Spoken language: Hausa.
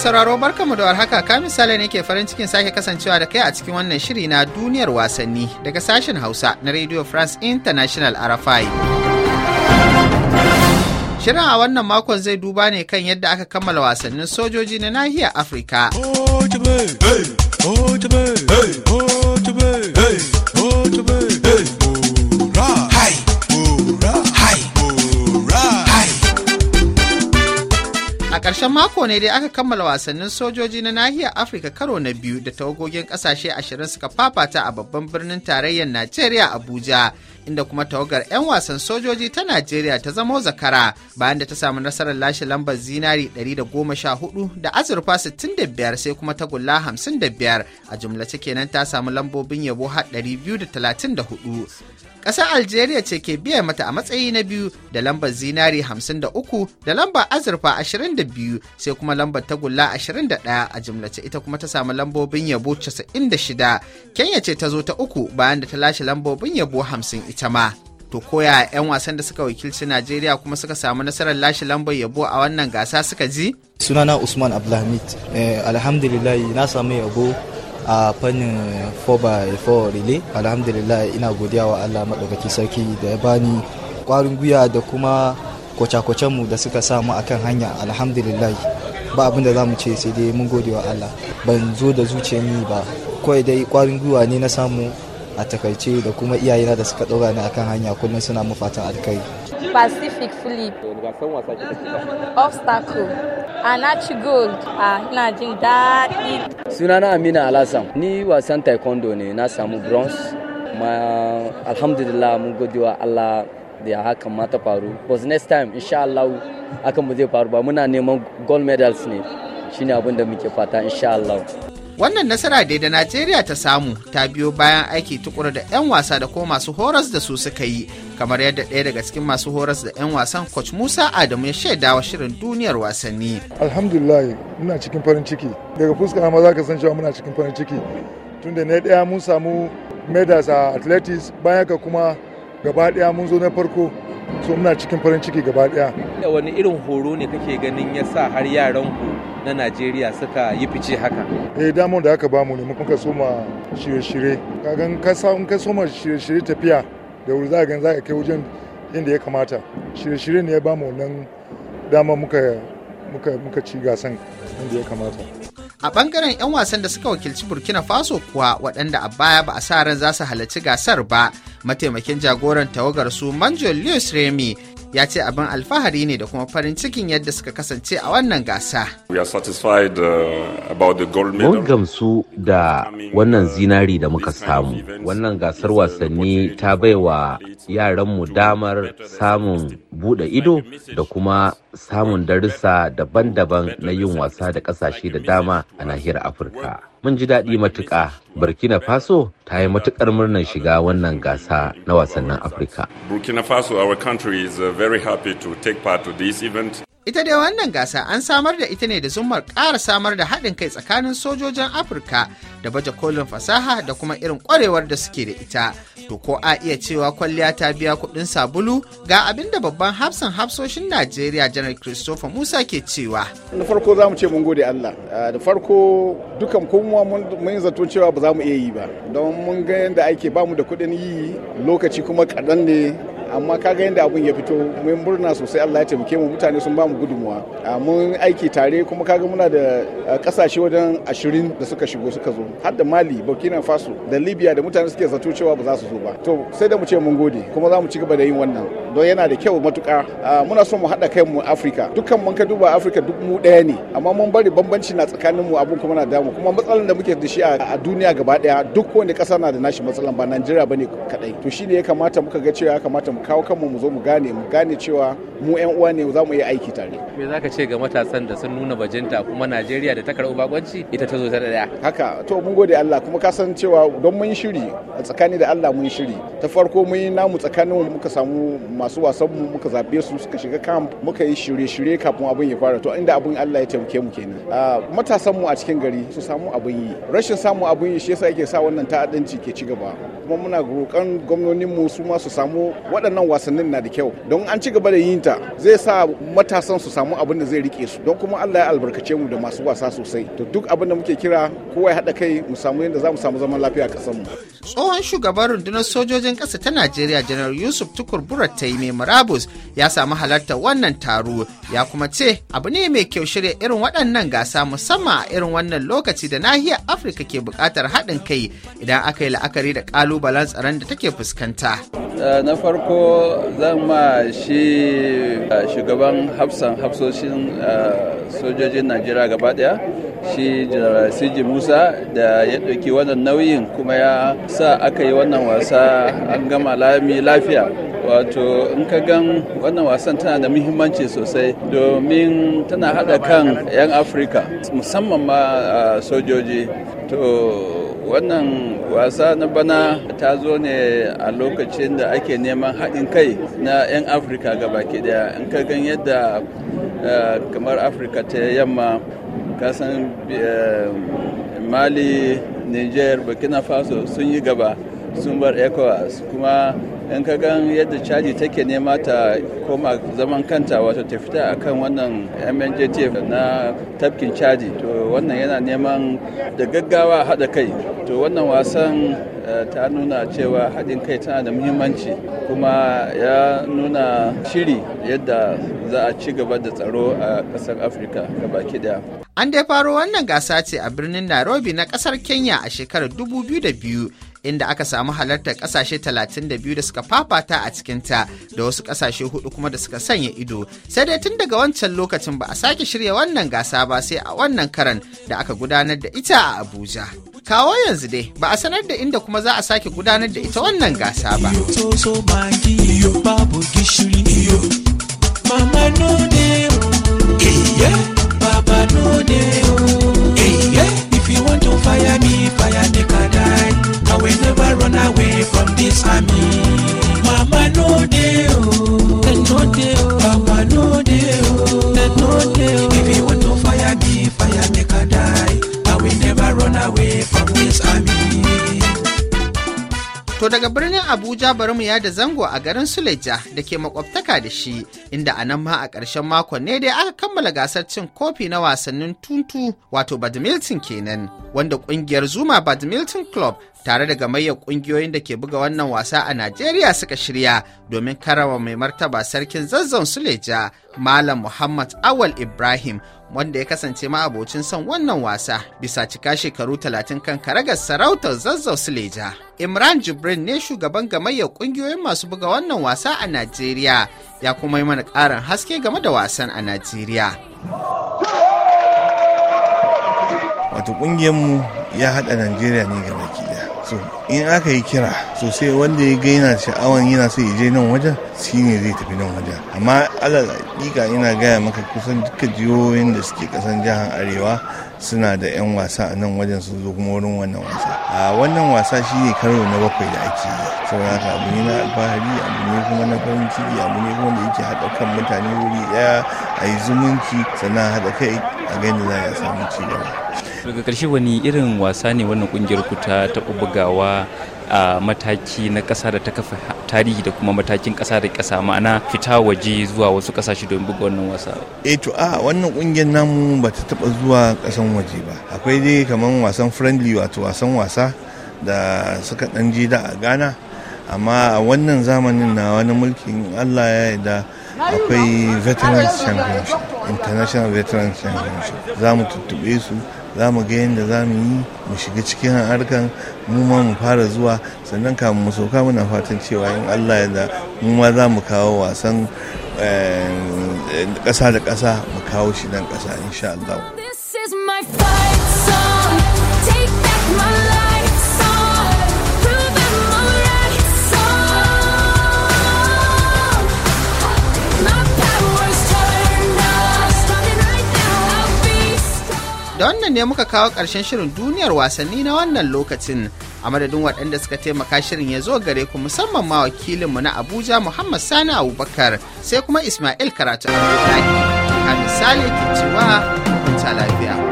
sauraro barkamu da warhaka ka misali ne ke farin cikin sake kasancewa da kai a cikin wannan shiri na duniyar wasanni daga sashen Hausa na Radio France International RFI. Shirin a wannan makon zai duba ne kan yadda aka kammala wasannin sojoji na nahiyar Afirka. A ƙarshen mako ne dai aka kammala wasannin sojoji na nahiyar Afirka karo na biyu da tawagogin ƙasashe ashirin suka fafata a babban birnin tarayyar Najeriya Abuja. inda kuma tawagar 'yan wasan sojoji ta Najeriya ta zamo zakara bayan da ta samu nasarar lashe lambar zinari 114 da azurfa 65 sai kuma tagulla 55 a jumlace kenan ta samu lambobin yabo har 234 Ƙasar Algeria ce ke biya mata a matsayi na biyu da lambar zinari 53 da lambar azurfa 22 sai kuma lambar tagulla 21 a jimlace ita kuma ta samu lambobin yabo 96. Kenya ce ta zo ta uku bayan da ta lashe lambobin yabo 50 ita ma. to koya 'yan wasan da suka wakilci najeriya kuma suka samu nasarar lashe lambar yabo a wannan gasa suka ji sunana usman abdulhamid eh, alhamdulillah na samu yabo a fannin 4x4 relay alhamdulillah ina godiya wa allah maɗaukaki sarki da ya bani kwarin gwiwa da kuma kwace mu da suka sa mu akan hanya alhamdulillah ba abin da zamu ce sai dai mun gode wa allah ban zo da zuciyar ni ba kawai dai kwarin gwiwa ne na samu a takaice da kuma iyayena da suka ɗora ni akan hanya kullum suna mu fatan alkai pacific philip obstacle a ah, ci gold a ah, ina jin daɗi sunana amina alasan ni wasan taekwondo ne na samu bronze ma alhamdulillah mun gode wa allah da haka ma ta faru but next time insha allah hakan ba zai faru ba muna neman gold medals ne shine abin da muke fata insha allah Wannan nasara dai da Najeriya ta samu ta biyo bayan aiki tukura da 'yan wasa da kuma masu horas da su suka yi kamar yadda ɗaya daga cikin masu horas da 'yan wasan coach Musa Adamu ya shaidawa shirin duniyar wasanni. Alhamdulillah muna cikin farin ciki daga fuska ma za ka san cewa muna cikin farin ciki tunda na ɗaya mun samu medals a athletics bayan ka kuma gaba ɗaya mun zo na farko so muna cikin farin ciki gaba daya da wani irin horo ne kake ganin ya sa har yaran ku na najeriya suka yi fice haka eh damar da aka bamu ne muka soma shirye-shirye kagan kasa in ka soma shirye-shirye tafiya da wuri za za ka kai wajen inda ya kamata shirye-shirye ne ya bamu wannan dama muka muka muka ci gasan inda ya kamata a bangaren 'yan wasan da suka wakilci burkina faso kuwa waɗanda a baya ba a sa ran za su halarci gasar ba mataimakin jagoran tawagar su manjo lewis remy ya ce abin alfahari ne da kuma farin cikin yadda suka kasance a wannan gasa. Uh, Mun gamsu da wannan zinari da muka samu. Wannan gasar wasanni ta baiwa yaranmu damar samun buɗe ido da kuma samun darussa daban-daban na yin wasa da ƙasashe da dama a nahiyar Afirka. mun ji daɗi matuƙa burkina faso ta yi matuƙar murnar shiga wannan gasa na wasannin afirka burkina faso our country is uh, very happy to take part to this event Ita dai wannan gasa an samar da ita ne da zumar ƙara samar da haɗin kai tsakanin sojojin Afirka da baje kolin fasaha da kuma irin ƙwarewar da suke da ita. To ko a iya cewa kwalliya ta biya kuɗin sabulu ga abin da babban hafsan hafsoshin Najeriya Janar Christopher Musa ke cewa. Da farko za mu ce mun gode Allah. Ah, da farko dukan kuma mun zato cewa ba za mu iya yi ba. Don mun ga yadda ake ba mu da kuɗin yi lokaci kuma kaɗan ne amma kaga yadda abun ya fito mun murna sosai Allah ya taimake mu mutane sun ba mu gudunmuwa mun aiki tare kuma kaga muna da kasashe wajen ashirin da suka shigo suka zo har da Mali Burkina Faso da Libya da mutane suke zato cewa ba za su zo ba to sai da mu ce mun gode kuma za mu ci gaba da yin wannan don yana da kyau matuka muna so mu haɗa kai mu Afirka dukkan mun ka duba Afirka duk mu ɗaya ne amma mun bari bambanci na tsakanin mu abun kuma na damu kuma matsalan da muke da shi a duniya gaba ɗaya duk wani kasa na da nashi matsalan ba Najeriya bane kadai to shine ya kamata muka ga cewa ya kamata mu mu kawo kanmu mu zo mu gane mu gane cewa mu yan uwa ne za mu iya aiki tare me zaka ce ga matasan da sun nuna bajinta kuma Najeriya da ta karɓi bakwanci ita ta zo ta daya haka to mun gode Allah kuma ka san cewa don mun shiri a tsakani da Allah mun shiri ta farko mun yi namu tsakanin mu muka samu masu wasan mu muka zabe su suka shiga camp muka yi shirye-shirye kafin abin ya fara to inda abin Allah ya taimake mu kenan matasan mu a cikin gari su samu abin yi rashin samu abin yi shi yasa yake sa wannan ta'addanci ke ci gaba kuma muna roƙon gwamnonin mu su ma su samu waɗanda waɗannan wasannin na da kyau don an ci gaba da yin ta zai sa matasan su samu abin da zai rike su don kuma Allah ya albarkace mu da masu wasa sosai to duk abin da muke kira kowa ya haɗa kai mu samu yadda za mu samu zaman lafiya a ƙasar mu tsohon shugaban rundunar sojojin ƙasa ta Najeriya janar Yusuf Tukur Buratai mai Marabus, ya samu halartar wannan taro ya kuma ce abu ne mai kyau shirya irin waɗannan gasa musamman a irin wannan lokaci da nahiyar Afirka ke buƙatar haɗin kai idan aka yi la'akari da ƙalubalen tsaron da take fuskanta. Eh, na farko zan ma shi eh, shugaban hafsan hafsoshin eh, sojojin najeriya gaba daya shi general siji musa da ya ɗauki wannan nauyin kuma ya sa aka yi wannan wasa an gama lami lafiya wato in ka gan wannan wasan tana da muhimmanci sosai domin tana hada kan 'yan afirka musamman ma sojoji to wannan wasa na bana ta zo ne a lokacin da ake neman haɗin kai na 'yan afirka baki daya in ka gan yadda eh, kamar afirka ta yamma kasan eh, mali niger burkina faso sun yi gaba sun bar ecowas kuma in ka gan yadda chaji take nema ta koma zaman kanta wato ta fita a kan wannan mnjtf na tafkin caji to wannan yana neman da gaggawa haɗa kai to wannan wasan eh, ta nuna cewa haɗin kai tana da muhimmanci kuma ya nuna shiri yadda za a ci gaba da tsaro a ƙasar afirka baki daya an dai faro wannan gasa ce a birnin nairobi na ƙasar kenya a shekarar 2002 inda aka samu halartar kasashe 32 da suka fafata a cikinta da wasu kasashe hudu kuma da suka sanya ido sai dai tun daga wancan lokacin ba a sake shirya wannan gasa ba sai a wannan karan da aka gudanar da ita a abuja kawo yanzu dai ba a sanar da inda kuma za a sake gudanar da ita wannan gasa ba oh. Baba no dey, hey, hey, yeah. If you want to fire me, fire me, kadai. we never run away from this army. Mama no dey oh, no dey oh, no dey oh, no dey If you want to fire me, fire make I die. But will never run away from this army. To daga birnin Abuja bari mu yada zango a garin Suleja da ke makwabtaka da shi, inda a nan ma a ƙarshen makon ne dai aka kammala gasar cin kofi na wasannin tuntu wato badminton kenan, wanda ƙungiyar Zuma Badminton Club tare da gamayyar kungiyoyin da ke buga wannan wasa a Najeriya suka shirya domin karama mai martaba sarkin zazzon Suleja Malam Muhammad Awal Ibrahim wanda ya kasance ma ma'abocin son wannan wasa bisa cika shekaru 30 kan karagar sarautar zazzau Suleja. Imran Jibrin ne shugaban gamayyar kungiyoyin masu buga wannan wasa a Najeriya ya kuma yi mana ƙarin haske game da wasan a Najeriya. wato mu ya haɗa najeriya ne ga baki so in aka yi kira sosai wanda ya gaina sha'awan yana so ya je nan wajen ne zai tafi nan wajen amma alal hakika ina gaya maka kusan duka jihohin da suke kasan jihar arewa suna da 'yan wasa a nan wajen sun zo kuma wurin wannan wasa a wannan wasa shine karo na bakwai da ake yi saboda haka abu ne na alfahari abu ne kuma na farin ciki abu ne kuma da yake haɗa kan mutane wuri daya? a yi zumunci sannan haɗa kai a gani za a samu ci gaba daga karshe wani irin wasa ne wannan kungiyar ku ta taɓa bugawa a mataki na ƙasa da ta kafa tarihi da kuma matakin ƙasa da ƙasa ma'ana fita waje zuwa wasu ƙasashe don buga wannan wasa. eh to a wannan kungiyar namu ba ta taɓa zuwa ƙasan waje ba. Akwai dai kamar wasan friendly wato wasan wasa da suka ɗan je da a Ghana. Amma a wannan zamanin na wani mulkin Allah ya yarda akwai Veterans Championship, International Veterans Championship. Za mu tuttuɓe su za mu ga yadda za mu yi mu shiga cikin harkan mu ma mu fara zuwa sannan kamun mu sauka muna fatan cewa in allah ya da mu ma za mu kawo wasan eh, ƙasa da ƙasa mu kawo shi nan ƙasa insha allah da wannan ne muka kawo ƙarshen shirin duniyar wasanni na wannan lokacin a madadin waɗanda suka taimaka shirin ya zo gare ku musamman ma wakilinmu na abuja muhammad sani abubakar sai kuma ismail karatu a misali ke cewa hukunta lafiya